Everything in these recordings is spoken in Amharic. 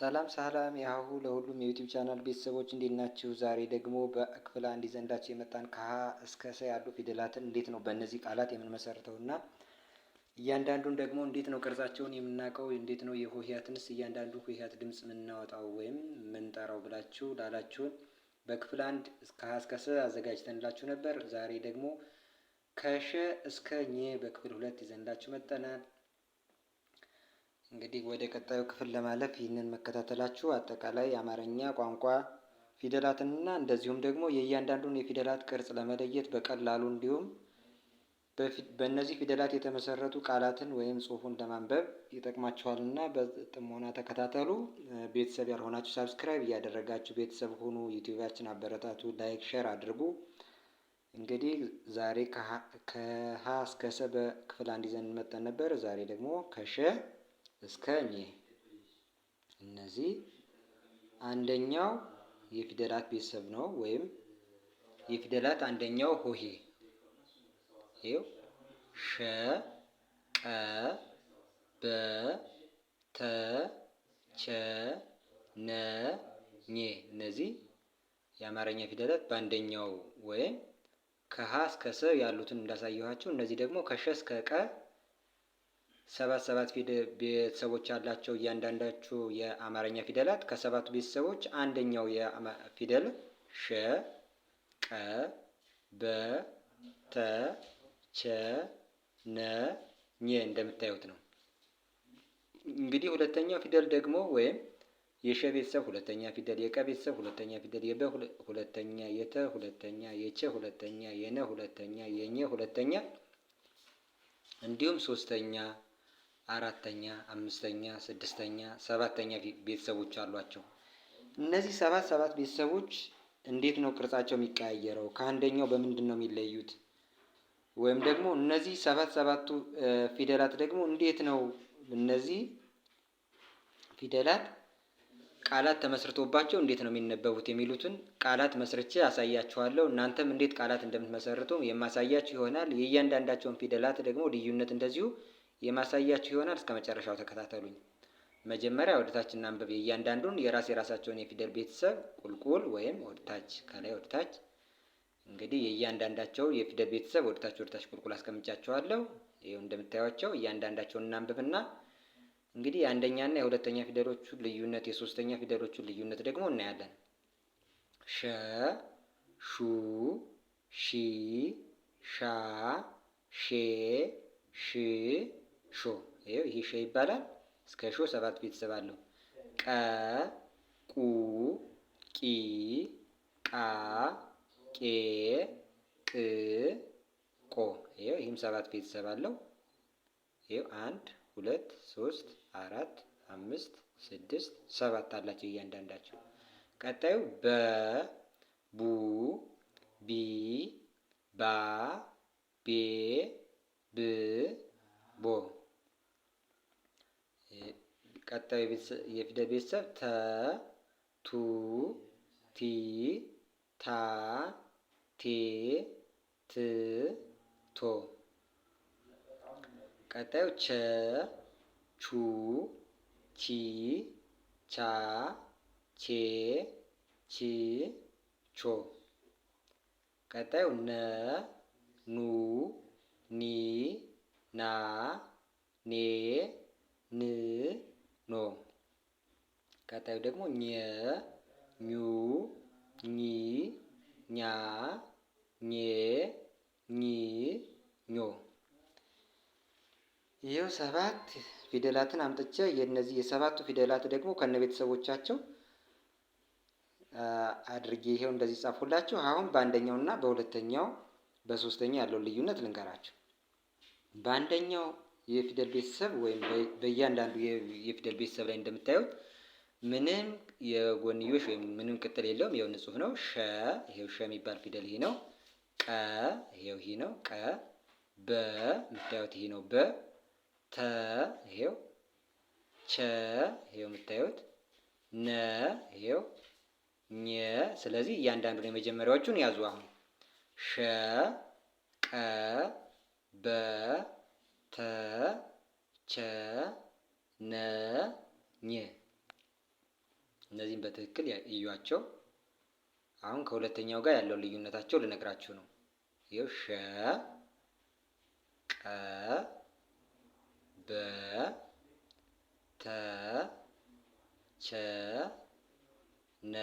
ሰላም ሰላም ያሁ ለሁሉም የዩቲዩብ ቻናል ቤተሰቦች እንዴት ናችሁ? ዛሬ ደግሞ በክፍል አንድ ይዘንዳችሁ የመጣን ከሀ እስከ ሰ ያሉ ፊደላትን እንዴት ነው በእነዚህ ቃላት የምንመሰርተው እና እያንዳንዱን ደግሞ እንዴት ነው ቅርጻቸውን የምናውቀው እንዴት ነው የሆሄያትንስ እያንዳንዱ ሆሄያት ድምፅ የምናወጣው ወይም የምንጠራው ብላችሁ ላላችሁን በክፍል አንድ ከሀ እስከ ሰ አዘጋጅተንላችሁ ነበር። ዛሬ ደግሞ ከሸ እስከ ኘ በክፍል ሁለት ይዘንዳችሁ መጠናል። እንግዲህ ወደ ቀጣዩ ክፍል ለማለፍ ይህንን መከታተላችሁ አጠቃላይ የአማርኛ ቋንቋ ፊደላትንና እንደዚሁም ደግሞ የእያንዳንዱን የፊደላት ቅርጽ ለመለየት በቀላሉ እንዲሁም በእነዚህ ፊደላት የተመሰረቱ ቃላትን ወይም ጽሑፉን ለማንበብ ይጠቅማችኋልና በጥሞና ተከታተሉ። ቤተሰብ ያልሆናችሁ ሳብስክራይብ እያደረጋችሁ ቤተሰብ ሁኑ። ዩቲዩባችን አበረታቱ፣ ላይክ፣ ሼር አድርጉ። እንግዲህ ዛሬ ከሀ እስከ ሰ በክፍል አንድ ይዘን እንመጠን ነበር። ዛሬ ደግሞ ከሸ እስከ ኘ እነዚህ አንደኛው የፊደላት ቤተሰብ ነው ወይም የፊደላት አንደኛው ሆሄ ይኸው ሸ ቀ በ ተ ቸ ነ ኘ እነዚህ የአማርኛ ፊደላት በአንደኛው ወይም ከሀ እስከ ሰ ያሉትን እንዳሳየኋቸው እነዚህ ደግሞ ከሸ እስከ ቀ ሰባት ሰባት ቤተሰቦች ያላቸው እያንዳንዳችሁ የአማርኛ ፊደላት ከሰባቱ ቤተሰቦች አንደኛው ፊደል ሸ፣ ቀ፣ በ፣ ተ፣ ቸ፣ ነ፣ ኘ እንደምታዩት ነው። እንግዲህ ሁለተኛው ፊደል ደግሞ ወይም የሸ ቤተሰብ ሁለተኛ ፊደል፣ የቀ ቤተሰብ ሁለተኛ ፊደል፣ የበ ሁለተኛ፣ የተ ሁለተኛ፣ የቸ ሁለተኛ፣ የነ ሁለተኛ፣ የኘ ሁለተኛ እንዲሁም ሶስተኛ አራተኛ፣ አምስተኛ፣ ስድስተኛ፣ ሰባተኛ ቤተሰቦች አሏቸው። እነዚህ ሰባት ሰባት ቤተሰቦች እንዴት ነው ቅርጻቸው የሚቀያየረው? ከአንደኛው በምንድን ነው የሚለዩት? ወይም ደግሞ እነዚህ ሰባት ሰባቱ ፊደላት ደግሞ እንዴት ነው እነዚህ ፊደላት ቃላት ተመስርቶባቸው እንዴት ነው የሚነበቡት የሚሉትን ቃላት መስርቼ አሳያችኋለሁ። እናንተም እንዴት ቃላት እንደምትመሰርቱ የማሳያችሁ ይሆናል። የእያንዳንዳቸውን ፊደላት ደግሞ ልዩነት እንደዚሁ የማሳያችሁ ይሆናል። እስከ መጨረሻው ተከታተሉኝ። መጀመሪያ ወደታች እናንብብ። የእያንዳንዱን የራስ የራሳቸውን የፊደል ቤተሰብ ቁልቁል ወይም ወደታች ከላይ ወደታች። እንግዲህ የእያንዳንዳቸው የፊደል ቤተሰብ ወደታች ወደታች ቁልቁል አስቀምጫቸዋለሁ። ይኸው እንደምታዩቸው እያንዳንዳቸውን እናንብብና እንግዲህ የአንደኛና የሁለተኛ ፊደሎቹ ልዩነት፣ የሶስተኛ ፊደሎቹ ልዩነት ደግሞ እናያለን። ሸ፣ ሹ፣ ሺ፣ ሻ፣ ሼ፣ ሽ ሾ ይኸው ይሄ ሸ ይባላል። እስከ ሾ ሰባት ቤተሰብ አለው። ቀ ቁ ቂ ቃ ቄ ቅ ቆ ይኸው ይህም ሰባት ቤተሰብ አለው። ይኸው አንድ ሁለት ሶስት አራት አምስት ስድስት ሰባት አላቸው እያንዳንዳቸው። ቀጣዩ በ ቡ ቢ ባ ቤ ብ ቦ ቀጣዩ የፊደል ቤተሰብ ተ፣ ቱ፣ ቲ፣ ታ፣ ቴ፣ ት፣ ቶ። ቀጣዩ ቸ፣ ቹ፣ ቺ፣ ቻ፣ ቼ፣ ቺ፣ ቾ። ቀጣዩ ነ፣ ኑ፣ ኒ፣ ና፣ ኔ፣ ን ኖ። ቀጣዩ ደግሞ ኘ ኙ ኚ ኛ ኜ ኚ ኞ። ይኸው ሰባት ፊደላትን አምጥቼ የእነዚህ የሰባቱ ፊደላት ደግሞ ከነቤተሰቦቻቸው አድርጌ ይሄው እንደዚህ ጻፉላችሁ። አሁን በአንደኛው እና በሁለተኛው በሶስተኛው ያለውን ልዩነት ልንገራችሁ። በአንደኛው የፊደል ቤተሰብ ወይም በእያንዳንዱ የፊደል ቤተሰብ ላይ እንደምታዩት ምንም የጎንዮሽ ወይም ምንም ቅጥል የለውም። ይኸው ንጹህ ነው። ሸ ይሄው ሸ የሚባል ፊደል ይሄ ነው። ቀ ይሄው ይሄ ነው። ቀ በ የምታዩት ይሄ ነው። በ ተ ይሄው ቸ ይሄው የምታዩት ነ ይሄው ኘ። ስለዚህ እያንዳንዱን የመጀመሪያዎቹን ያዙ። አሁን ሸ ቀ በ ተ ቸ ነ ኘ እነዚህም በትክክል እዩዋቸው። አሁን ከሁለተኛው ጋር ያለው ልዩነታቸው ልነግራችሁ ነው። ይኸው ሸ ቀ በ ተ ቸ ነ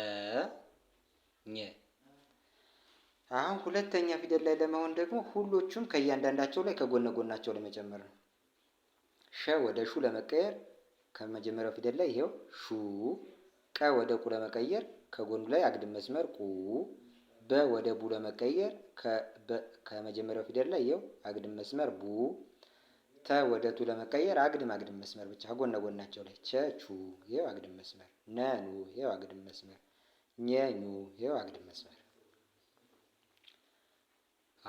ኘ አሁን ሁለተኛ ፊደል ላይ ለመሆን ደግሞ ሁሎቹም ከእያንዳንዳቸው ላይ ከጎነ ጎናቸው ለመጨመር ነው። ሸ ወደ ሹ ለመቀየር ከመጀመሪያው ፊደል ላይ ይሄው ሹ። ቀ ወደ ቁ ለመቀየር ከጎኑ ላይ አግድም መስመር ቁ። በ ወደ ቡ ለመቀየር ከመጀመሪያው ፊደል ላይ ይሄው አግድም መስመር ቡ። ተ ወደ ቱ ለመቀየር አግድም አግድም መስመር ብቻ ከጎነ ጎናቸው ላይ ቸ ቹ፣ ይሄው አግድም መስመር። ነ ኑ፣ ይሄው አግድም መስመር። ኘ ኙ፣ ይሄው አግድም መስመር።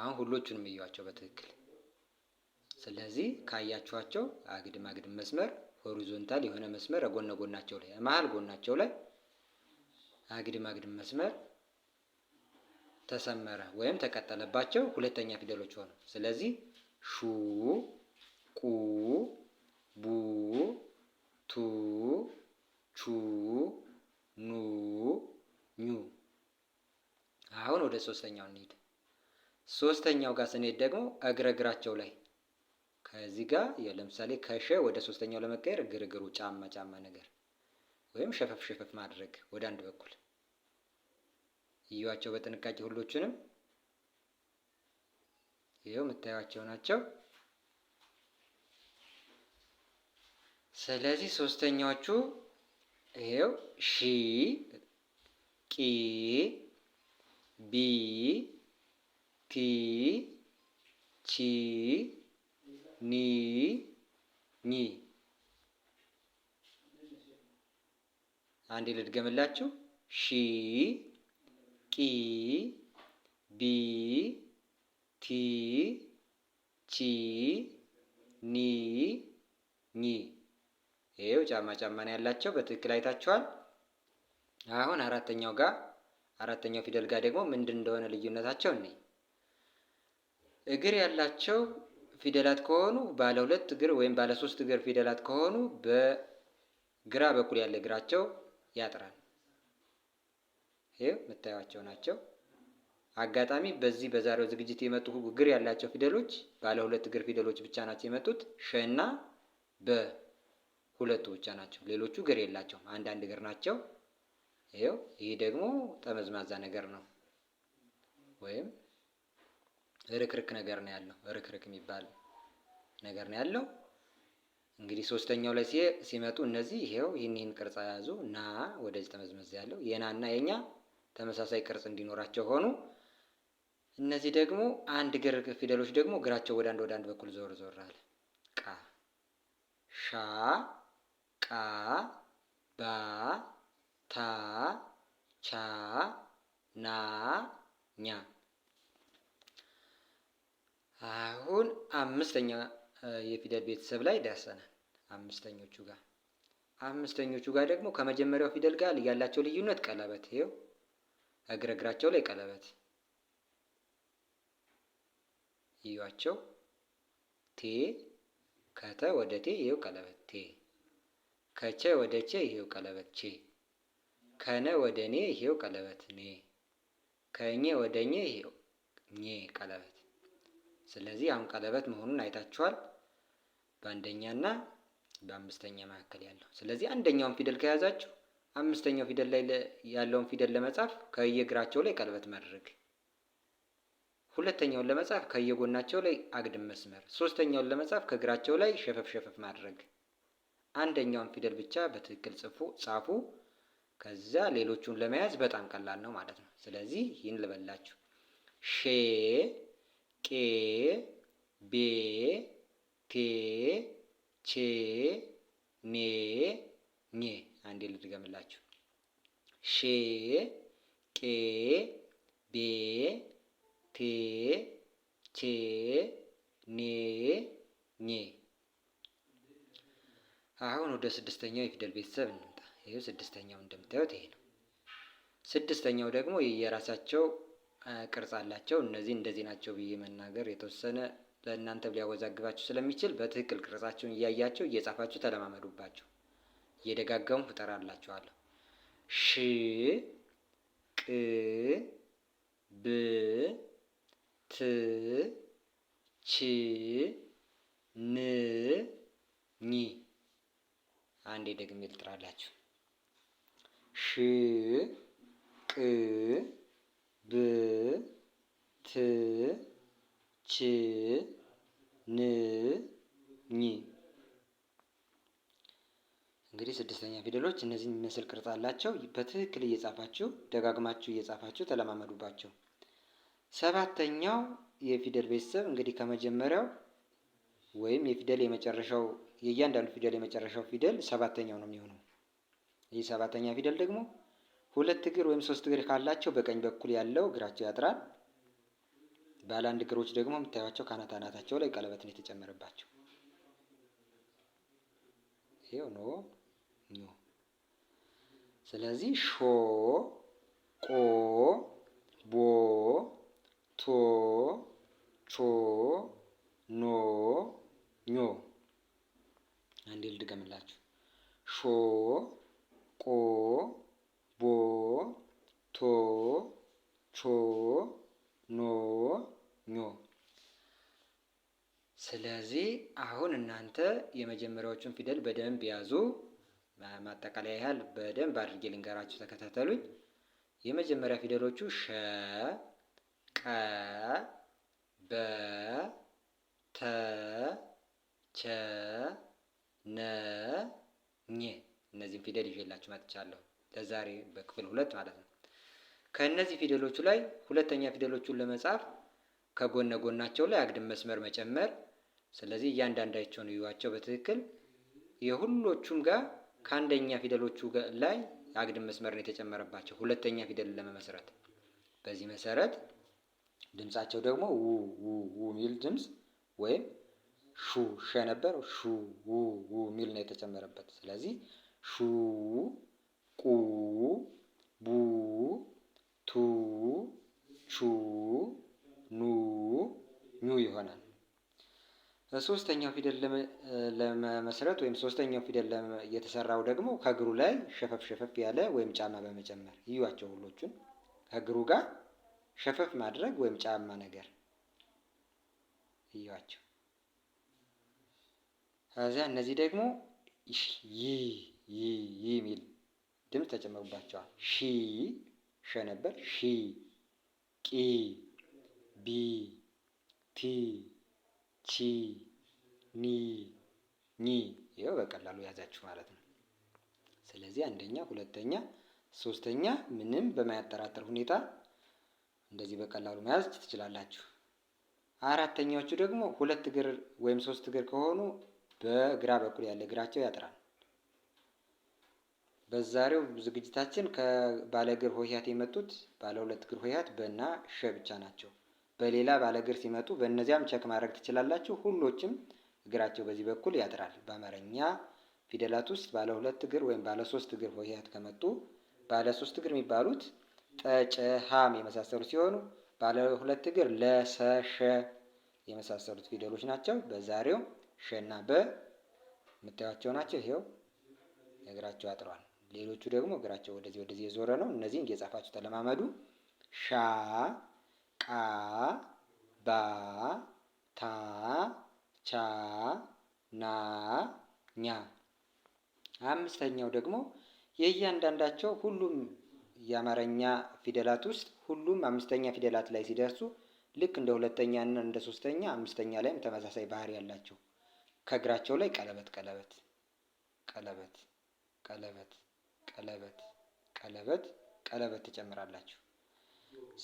አሁን ሁሎቹንም እያቸው በትክክል። ስለዚህ ካያችኋቸው አግድም አግድም መስመር ሆሪዞንታል የሆነ መስመር ጎነ ጎናቸው ላይ መሀል ጎናቸው ላይ አግድም አግድም መስመር ተሰመረ ወይም ተቀጠለባቸው ሁለተኛ ፊደሎች ሆኑ። ስለዚህ ሹ፣ ቁ፣ ቡ፣ ቱ፣ ቹ፣ ኑ፣ ኙ። አሁን ወደ ሶስተኛው እንሂድ። ሶስተኛው ጋር ስንሄድ ደግሞ እግረ እግራቸው ላይ ከዚህ ጋር ለምሳሌ ከሸ ወደ ሶስተኛው ለመቀየር ግርግሩ ጫማ ጫማ ነገር ወይም ሸፈፍ ሸፈፍ ማድረግ ወደ አንድ በኩል እዩዋቸው በጥንቃቄ ሁሎቹንም ይኸው የምታዩቸው ናቸው። ስለዚህ ሶስተኛዎቹ ይኸው ሺ ቂ ቢ ቲ ቺ ኒ ኒ። አንዴ ልድገምላችሁ። ሺ ቂ ቢ ቲ ቺ ኒ ኒ። ይኸው ጫማ ጫማ ነው ያላቸው። በትክክል አይታችኋል። አሁን አራተኛው ጋር አራተኛው ፊደል ጋር ደግሞ ምንድን እንደሆነ ልዩነታቸው እኔ እግር ያላቸው ፊደላት ከሆኑ ባለ ሁለት እግር ወይም ባለ ሶስት እግር ፊደላት ከሆኑ በግራ በኩል ያለ እግራቸው ያጥራል። ይህ የምታዩቸው ናቸው። አጋጣሚ በዚህ በዛሬው ዝግጅት የመጡ እግር ያላቸው ፊደሎች ባለ ሁለት እግር ፊደሎች ብቻ ናቸው የመጡት። ሸና በ ሁለቱ ብቻ ናቸው። ሌሎቹ እግር የላቸውም፣ አንዳንድ እግር ናቸው። ይኸው ይህ ደግሞ ጠመዝማዛ ነገር ነው ወይም ርክርክ ነገር ነው ያለው። ርክርክ የሚባል ነገር ነው ያለው። እንግዲህ ሶስተኛው ላይ ሲመጡ እነዚህ ይሄው ይህን ይህን ቅርጽ ያዙ ና ወደዚህ ተመዝመዝ ያለው የናና የኛ ተመሳሳይ ቅርጽ እንዲኖራቸው ሆኑ። እነዚህ ደግሞ አንድ ግር ፊደሎች ደግሞ እግራቸው ወደ አንድ ወደ አንድ በኩል ዞር ዞር አለ። ቃ ሻ ቃ ባ ታ ቻ ና ኛ አሁን አምስተኛ የፊደል ቤተሰብ ላይ ደርሰናል። አምስተኞቹ ጋር አምስተኞቹ ጋር ደግሞ ከመጀመሪያው ፊደል ጋር ያላቸው ልዩነት ቀለበት፣ ይኸው እግረግራቸው እግራቸው ላይ ቀለበት እዩዋቸው። ቴ ከተ ወደ ቴ ይኸው ቀለበት ቴ። ከቸ ወደ ቼ ይኸው ቀለበት ቼ። ከነ ወደ ኔ ይኸው ቀለበት ኔ። ከኘ ወደ ኘ ይኸው ኘ ቀለበት ስለዚህ አሁን ቀለበት መሆኑን አይታችኋል በአንደኛና በአምስተኛ መካከል ያለው። ስለዚህ አንደኛውን ፊደል ከያዛችሁ አምስተኛው ፊደል ላይ ያለውን ፊደል ለመጻፍ ከየእግራቸው ላይ ቀለበት ማድረግ፣ ሁለተኛውን ለመጻፍ ከየጎናቸው ላይ አግድም መስመር፣ ሶስተኛውን ለመጻፍ ከእግራቸው ላይ ሸፈፍ ሸፈፍ ማድረግ። አንደኛውን ፊደል ብቻ በትክክል ጽፉ ጻፉ። ከዛ ሌሎቹን ለመያዝ በጣም ቀላል ነው ማለት ነው። ስለዚህ ይህን ልበላችሁ ሼ ቄ ቤ ቴ ቼ ኔ ኜ። አንዴ ልድገምላችሁ። ሼ ቄ ቤ ቴ ቼ ኔ ኜ። አሁን ወደ ስድስተኛው የፊደል ቤተሰብ እንምጣ። ይህ ስድስተኛው እንደምታዩት ይሄ ነው። ስድስተኛው ደግሞ የራሳቸው ቅርጽ አላቸው። እነዚህ እንደዚህ ናቸው ብዬ መናገር የተወሰነ ለእናንተ ሊያወዛግባችሁ ስለሚችል በትክክል ቅርጻቸውን እያያቸው እየጻፋችሁ ተለማመዱባቸው። እየደጋገሙ እጠራላችኋለሁ። ሽ ቅ ብ ት ች ን ኝ አንዴ ደግሜ ልጥራላችሁ ሽ ቅ ብ ት ች ን ኝ እንግዲህ ስድስተኛ ፊደሎች እነዚህን የሚመስል ቅርጽ አላቸው። በትክክል እየጻፋችሁ ደጋግማችሁ እየጻፋችሁ ተለማመዱባቸው። ሰባተኛው የፊደል ቤተሰብ እንግዲህ ከመጀመሪያው ወይም የፊደል የመጨረሻው የእያንዳንዱ ፊደል የመጨረሻው ፊደል ሰባተኛው ነው የሚሆነው። ይህ ሰባተኛ ፊደል ደግሞ ሁለት እግር ወይም ሶስት እግር ካላቸው በቀኝ በኩል ያለው እግራቸው ያጥራል። ባለ አንድ እግሮች ደግሞ የምታዩቸው ከአናት አናታቸው ላይ ቀለበት ነው የተጨመረባቸው። ይሄው ኖ ኖ። ስለዚህ ሾ ቆ ቦ ቶ ቾ ኖ ኞ። አንዴ ልድገምላችሁ ሾ ቆ ቦ ቶ ቾ ኖ ኞ። ስለዚህ አሁን እናንተ የመጀመሪያዎቹን ፊደል በደንብ ያዙ። ማጠቃለያ ያህል በደንብ አድርጌ ልንገራችሁ፣ ተከታተሉኝ። የመጀመሪያ ፊደሎቹ ሸ፣ ቀ፣ በ፣ ተ፣ ቸ፣ ነ፣ ኘ። እነዚህም ፊደል ይዤላችሁ መጥቻለሁ። ለዛሬ በክፍል ሁለት ማለት ነው። ከእነዚህ ፊደሎቹ ላይ ሁለተኛ ፊደሎቹን ለመጻፍ ከጎነ ጎናቸው ላይ አግድም መስመር መጨመር። ስለዚህ እያንዳንዳቸውን እዩዋቸው በትክክል የሁሎቹም ጋር ከአንደኛ ፊደሎቹ ላይ አግድም መስመር ነው የተጨመረባቸው ሁለተኛ ፊደል ለመመስረት። በዚህ መሰረት ድምፃቸው ደግሞ ው ው ው ሚል ድምፅ ወይም ሹ ሸ ነበር ሹ ው ው ሚል ነው የተጨመረበት። ስለዚህ ሹ ቁ ቡ ቱ ቹ ኑ ኙ ይሆናል። ሶስተኛው ፊደል ለመመስረት ወይም ሶስተኛው ፊደል የተሰራው ደግሞ ከእግሩ ላይ ሸፈፍ ሸፈፍ ያለ ወይም ጫማ በመጨመር ይዩዋቸው። ሁሎቹን ከእግሩ ጋር ሸፈፍ ማድረግ ወይም ጫማ ነገር እዩዋቸው። ከዚያ እነዚህ ደግሞ ይ ይ ይ የሚል ድምፅ ተጨምሮባቸዋል። ሺ ሸ ነበር ሺ ቂ ቢ ቲ ቺ ኒ ኒ። ይኸው በቀላሉ ያዛችሁ ማለት ነው። ስለዚህ አንደኛ፣ ሁለተኛ፣ ሶስተኛ ምንም በማያጠራጥር ሁኔታ እንደዚህ በቀላሉ መያዝ ትችላላችሁ። አራተኛዎቹ ደግሞ ሁለት እግር ወይም ሶስት እግር ከሆኑ በግራ በኩል ያለ እግራቸው ያጥራል። በዛሬው ዝግጅታችን ከባለ እግር ሆሄያት የመጡት ባለ ሁለት እግር ሆሄያት በና ሸ ብቻ ናቸው። በሌላ ባለ እግር ሲመጡ በእነዚያም ቸክ ማድረግ ትችላላችሁ። ሁሎችም እግራቸው በዚህ በኩል ያጥራል። በአማርኛ ፊደላት ውስጥ ባለ ሁለት እግር ወይም ባለ ሶስት እግር ሆሄያት ከመጡ ባለ ሶስት እግር የሚባሉት ጠጨሃም የመሳሰሉ ሲሆኑ ባለ ሁለት እግር ለሰሸ የመሳሰሉት ፊደሎች ናቸው። በዛሬው ሸና በ የምታዩቸው ናቸው። ይኸው እግራቸው አጥሯል። ሌሎቹ ደግሞ እግራቸው ወደዚህ ወደዚህ የዞረ ነው። እነዚህ እየጻፋችሁ ተለማመዱ። ሻ ቃ ባ ታ ቻ ና ኛ። አምስተኛው ደግሞ የእያንዳንዳቸው ሁሉም የአማርኛ ፊደላት ውስጥ ሁሉም አምስተኛ ፊደላት ላይ ሲደርሱ ልክ እንደ ሁለተኛ እና እንደ ሶስተኛ አምስተኛ ላይም ተመሳሳይ ባህሪ ያላቸው ከእግራቸው ላይ ቀለበት ቀለበት ቀለበት ቀለበት ቀለበት ቀለበት ቀለበት ትጨምራላችሁ።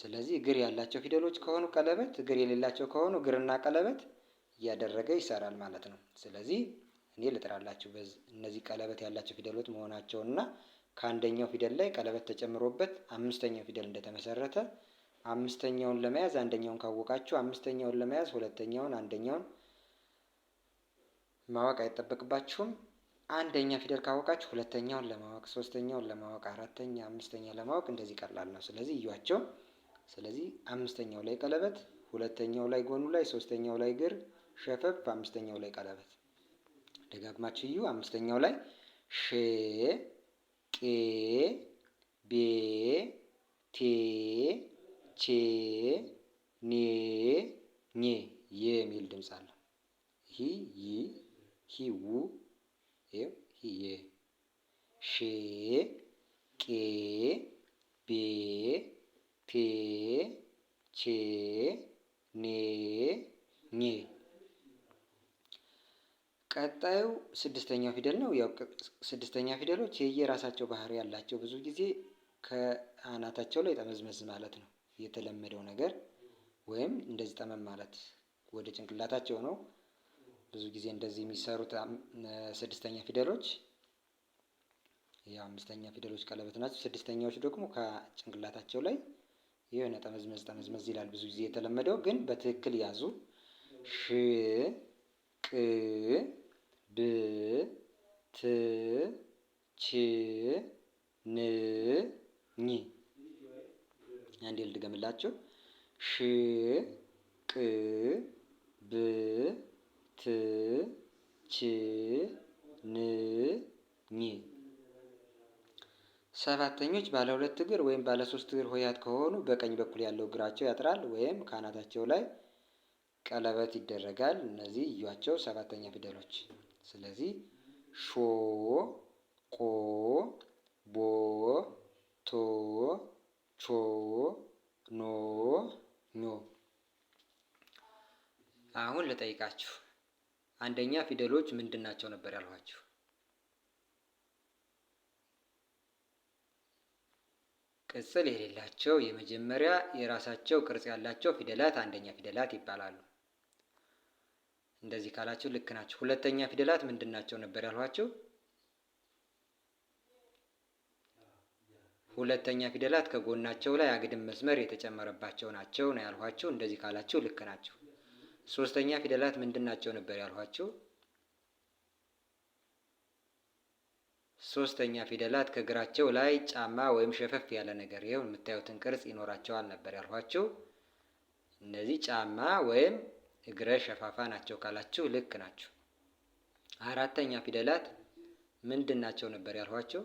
ስለዚህ እግር ያላቸው ፊደሎች ከሆኑ ቀለበት፣ እግር የሌላቸው ከሆኑ እግርና ቀለበት እያደረገ ይሰራል ማለት ነው። ስለዚህ እኔ ልጥራላችሁ እነዚህ ቀለበት ያላቸው ፊደሎች እና ከአንደኛው ፊደል ላይ ቀለበት ተጨምሮበት አምስተኛው ፊደል እንደተመሰረተ አምስተኛውን ለመያዝ አንደኛውን ካወቃችሁ አምስተኛውን ለመያዝ ሁለተኛውን አንደኛውን ማወቅ አይጠበቅባችሁም። አንደኛ ፊደል ካወቃችሁ ሁለተኛውን ለማወቅ ሶስተኛውን ለማወቅ አራተኛ አምስተኛ ለማወቅ እንደዚህ ቀላል ነው። ስለዚህ እዩዋቸው። ስለዚህ አምስተኛው ላይ ቀለበት፣ ሁለተኛው ላይ ጎኑ ላይ፣ ሶስተኛው ላይ እግር ሸፈብ፣ አምስተኛው ላይ ቀለበት። ደጋግማችሁ እዩ። አምስተኛው ላይ ሽ ቄ ቤ ቴ ቼ ኔ ኜ የሚል ድምፅ አለው። ሂ ይ ሂ ው ይኸው ሂዬ ሼ ቄ ቤ ቴ ቼ ኔ ኜ ቀጣዩ ስድስተኛው ፊደል ነው። ያው ስድስተኛ ፊደሎች የየራሳቸው ባህሪ ያላቸው ብዙ ጊዜ ከአናታቸው ላይ ጠመዝመዝ ማለት ነው የተለመደው ነገር ወይም እንደዚህ ጠመም ማለት ወደ ጭንቅላታቸው ነው ብዙ ጊዜ እንደዚህ የሚሰሩት ስድስተኛ ፊደሎች የአምስተኛ ፊደሎች ቀለበት ናቸው። ስድስተኛዎች ደግሞ ከጭንቅላታቸው ላይ የሆነ ጠመዝመዝ ጠመዝመዝ ይላል። ብዙ ጊዜ የተለመደው ግን በትክክል ያዙ። ሽ ቅ ብ ት ች ን ኝ። አንዴ ልድገምላችሁ። ሽ ቅ ብ ት ች ን ኝ ሰባተኞች ባለ ሁለት እግር ወይም ባለ ሶስት እግር ሆያት ከሆኑ በቀኝ በኩል ያለው እግራቸው ያጥራል ወይም ካናታቸው ላይ ቀለበት ይደረጋል። እነዚህ እዩዋቸው ሰባተኛ ፊደሎች። ስለዚህ ሾ፣ ቆ፣ ቦ፣ ቶ፣ ቾ፣ ኖ፣ ኞ። አሁን ልጠይቃችሁ አንደኛ ፊደሎች ምንድን ናቸው ነበር ያልኋችሁ። ቅጽል የሌላቸው የመጀመሪያ የራሳቸው ቅርጽ ያላቸው ፊደላት አንደኛ ፊደላት ይባላሉ። እንደዚህ ካላችሁ ልክ ናቸው። ሁለተኛ ፊደላት ምንድን ናቸው ነበር ያልኋችሁ። ሁለተኛ ፊደላት ከጎናቸው ላይ አግድም መስመር የተጨመረባቸው ናቸው ነው ያልኋችሁ። እንደዚህ ካላችሁ ልክ ናቸው። ሶስተኛ ፊደላት ምንድን ናቸው ነበር ያልኋቸው? ሶስተኛ ፊደላት ከእግራቸው ላይ ጫማ ወይም ሸፈፍ ያለ ነገር ይኸው የምታዩትን ቅርጽ ይኖራቸዋል ነበር ያልኋቸው። እነዚህ ጫማ ወይም እግረ ሸፋፋ ናቸው ካላችሁ ልክ ናችሁ። አራተኛ ፊደላት ምንድን ናቸው ነበር ያልኋቸው?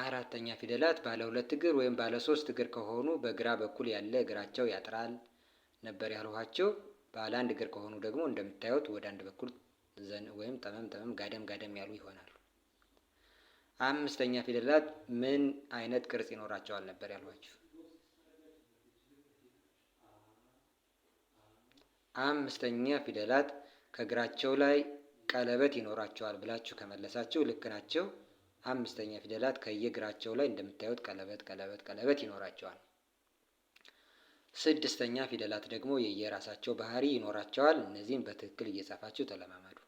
አራተኛ ፊደላት ባለ ሁለት እግር ወይም ባለ ሶስት እግር ከሆኑ በግራ በኩል ያለ እግራቸው ያጥራል ነበር ያልኋቸው። ባለ አንድ እግር ከሆኑ ደግሞ እንደምታዩት ወደ አንድ በኩል ዘን ወይም ጠመም ጠመም ጋደም ጋደም ያሉ ይሆናሉ። አምስተኛ ፊደላት ምን አይነት ቅርጽ ይኖራቸዋል ነበር ያልኋቸው። አምስተኛ ፊደላት ከእግራቸው ላይ ቀለበት ይኖራቸዋል ብላችሁ ከመለሳችሁ ልክ ናቸው። አምስተኛ ፊደላት ከየእግራቸው ላይ እንደምታዩት ቀለበት ቀለበት ቀለበት ይኖራቸዋል። ስድስተኛ ፊደላት ደግሞ የየራሳቸው ባህሪ ይኖራቸዋል። እነዚህን በትክክል እየጻፋችሁ ተለማመዱ።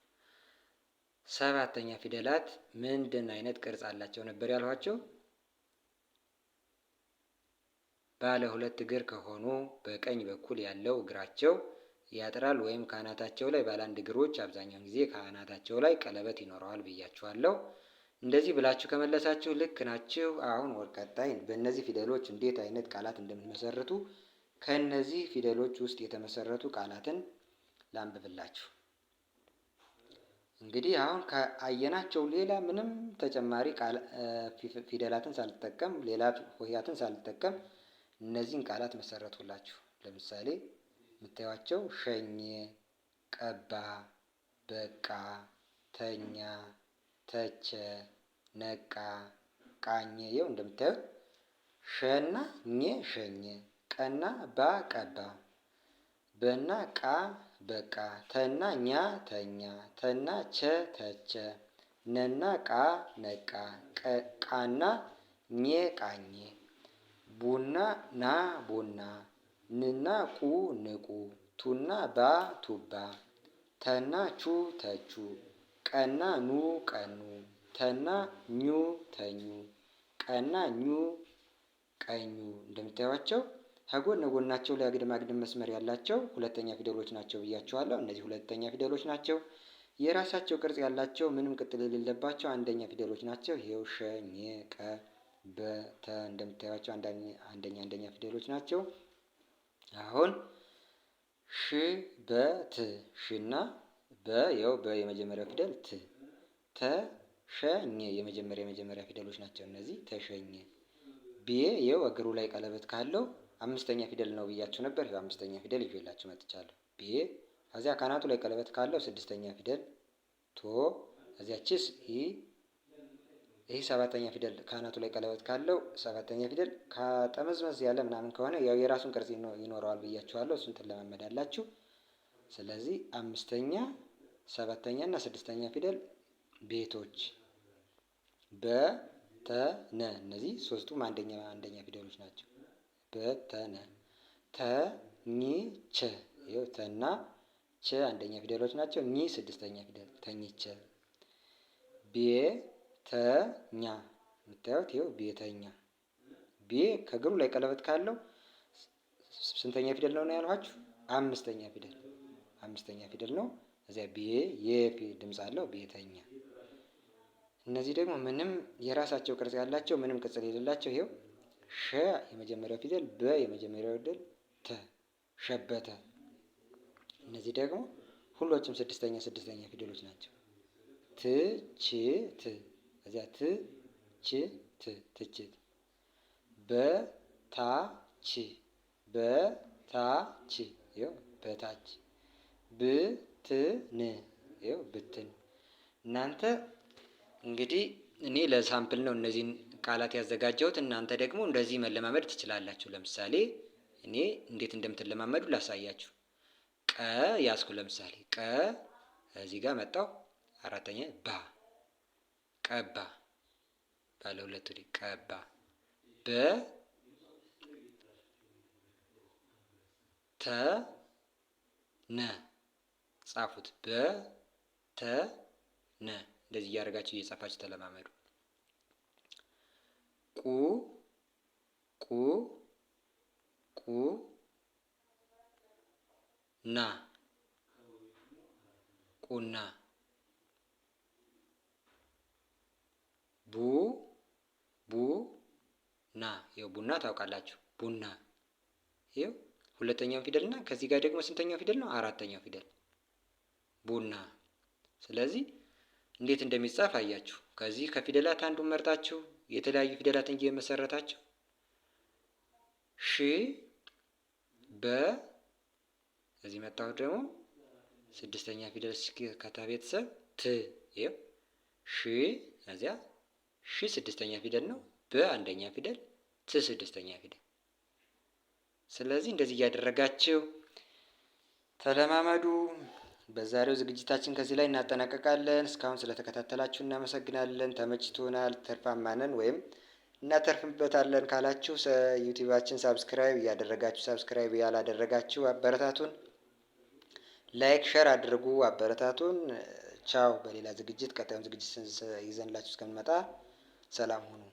ሰባተኛ ፊደላት ምንድን አይነት ቅርጽ አላቸው ነበር ያልኋቸው? ባለ ሁለት እግር ከሆኑ በቀኝ በኩል ያለው እግራቸው ያጥራል ወይም ከአናታቸው ላይ ባለ አንድ እግሮች አብዛኛውን ጊዜ ከአናታቸው ላይ ቀለበት ይኖረዋል ብያችኋለሁ። እንደዚህ ብላችሁ ከመለሳችሁ ልክ ናችሁ። አሁን ወደ ቀጣይ በእነዚህ ፊደሎች እንዴት አይነት ቃላት እንደምትመሰርቱ ከእነዚህ ፊደሎች ውስጥ የተመሰረቱ ቃላትን ላንብብላችሁ። እንግዲህ አሁን ከአየናቸው ሌላ ምንም ተጨማሪ ፊደላትን ሳልጠቀም ሌላ ሆሄያትን ሳልጠቀም እነዚህን ቃላት መሰረቱላችሁ። ለምሳሌ የምታዩቸው ሸኘ፣ ቀባ፣ በቃ፣ ተኛ፣ ተቸ ነቃ ቃኘ ይኸው እንደምታዩት ሸና ኘ ሸኘ ቀና ባ ቀባ በና ቃ በቃ ተና ኛ ተኛ ተና ቸ ተቸ ነና ቃ ነቃ ቃና ኘ ቃኘ ቡና ና ቡና ንና ቁ ንቁ ቱና ባ ቱባ ተና ቹ ተቹ ቀና ኑ ቀኑ ተና ኙ ተኙ ቀና ኙ ቀኙ እንደምታዩቸው ከጎን ጎናቸው ላይ አግድም አግድም መስመር ያላቸው ሁለተኛ ፊደሎች ናቸው ብያቸዋለሁ። እነዚህ ሁለተኛ ፊደሎች ናቸው። የራሳቸው ቅርጽ ያላቸው ምንም ቅጥል የሌለባቸው አንደኛ ፊደሎች ናቸው። ይኸው ሸ፣ ኘ፣ ቀ፣ በ፣ ተ እንደምታዩቸው አንደኛ አንደኛ ፊደሎች ናቸው። አሁን ሽ፣ በ፣ ት ሽና በ ይኸው በ የመጀመሪያው ፊደል ት ተ ሸኝ የመጀመሪያ የመጀመሪያ ፊደሎች ናቸው እነዚህ ተሸኘ። ቤ ይኸው እግሩ ላይ ቀለበት ካለው አምስተኛ ፊደል ነው ብያችሁ ነበር። ይኸው አምስተኛ ፊደል ይዤላችሁ መጥቻለሁ። ቤ ከዚያ ካናቱ ላይ ቀለበት ካለው ስድስተኛ ፊደል ቶ ከዚያችስ ኢ ይህ ሰባተኛ ፊደል ካናቱ ላይ ቀለበት ካለው ሰባተኛ ፊደል ከጠመዝመዝ ያለ ምናምን ከሆነ ያው የራሱን ቅርጽ ይኖረዋል ብያችኋለሁ። እሱን ትለማመዳላችሁ። ስለዚህ አምስተኛ ሰባተኛ እና ስድስተኛ ፊደል ቤቶች በተነ እነዚህ ሶስቱም አንደኛ አንደኛ ፊደሎች ናቸው። በተነ ተኝቸ ይኸው ተና ቸ አንደኛ ፊደሎች ናቸው። ኝ ስድስተኛ ፊደል ተኝቸ ቤተኛ የምታዩት ይኸው ቤተኛ ቤ ከእግሩ ላይ ቀለበት ካለው ስንተኛ ፊደል ነው ነው ያልኋችሁ? አምስተኛ ፊደል አምስተኛ ፊደል ነው። እዚያ ቤ የ ድምፅ አለው ቤተኛ እነዚህ ደግሞ ምንም የራሳቸው ቅርጽ ያላቸው ምንም ቅጽል የሌላቸው ይሄው ሸ የመጀመሪያው ፊደል በ የመጀመሪያው ፊደል ተ ሸበተ። እነዚህ ደግሞ ሁሎችም ስድስተኛ ስድስተኛ ፊደሎች ናቸው። ት ች ት እዚያ ት ች ት ትችት በ ታ ች በ ታ ች ይኸው በታች ብ ት ን ይኸው ብትን እናንተ እንግዲህ እኔ ለሳምፕል ነው እነዚህን ቃላት ያዘጋጀሁት። እናንተ ደግሞ እንደዚህ መለማመድ ትችላላችሁ። ለምሳሌ እኔ እንዴት እንደምትለማመዱ ላሳያችሁ። ቀ ያስኩ ለምሳሌ ቀ እዚህ ጋር መጣው። አራተኛ ባ ቀባ፣ ባለ ሁለቱ ወዲህ ቀባ። በ ተ ነ ጻፉት። በ ተ ነ እንደዚህ እያደረጋችሁ እየጻፋችሁ ተለማመዱ። ቁ ቁ ቁ ና ቁና ቡ ቡ ና ይኸው ቡና ታውቃላችሁ። ቡና ይኸው ሁለተኛው ፊደል እና ከዚህ ጋር ደግሞ ስንተኛው ፊደል ነው? አራተኛው ፊደል ቡና። ስለዚህ እንዴት እንደሚጻፍ አያችሁ። ከዚህ ከፊደላት አንዱን መርጣችሁ የተለያዩ ፊደላትን የመሰረታችሁ ሺ በ ከዚህ መጣሁት ደግሞ ስድስተኛ ፊደል ከታ ቤተሰብ ት ይኸው ሺ ከዚያ ሺ ስድስተኛ ፊደል ነው። በ አንደኛ ፊደል ት ስድስተኛ ፊደል። ስለዚህ እንደዚህ እያደረጋችሁ ተለማመዱ። በዛሬው ዝግጅታችን ከዚህ ላይ እናጠናቀቃለን። እስካሁን ስለተከታተላችሁ እናመሰግናለን። ተመችቶናል፣ ተርፋማነን ወይም እናተርፍበታለን ካላችሁ ዩቲዩባችን ሳብስክራይብ እያደረጋችሁ ሳብስክራይብ ያላደረጋችሁ አበረታቱን። ላይክ ሸር አድርጉ፣ አበረታቱን። ቻው። በሌላ ዝግጅት ቀጣዩን ዝግጅት ይዘንላችሁ እስከምንመጣ ሰላም ሁኑ።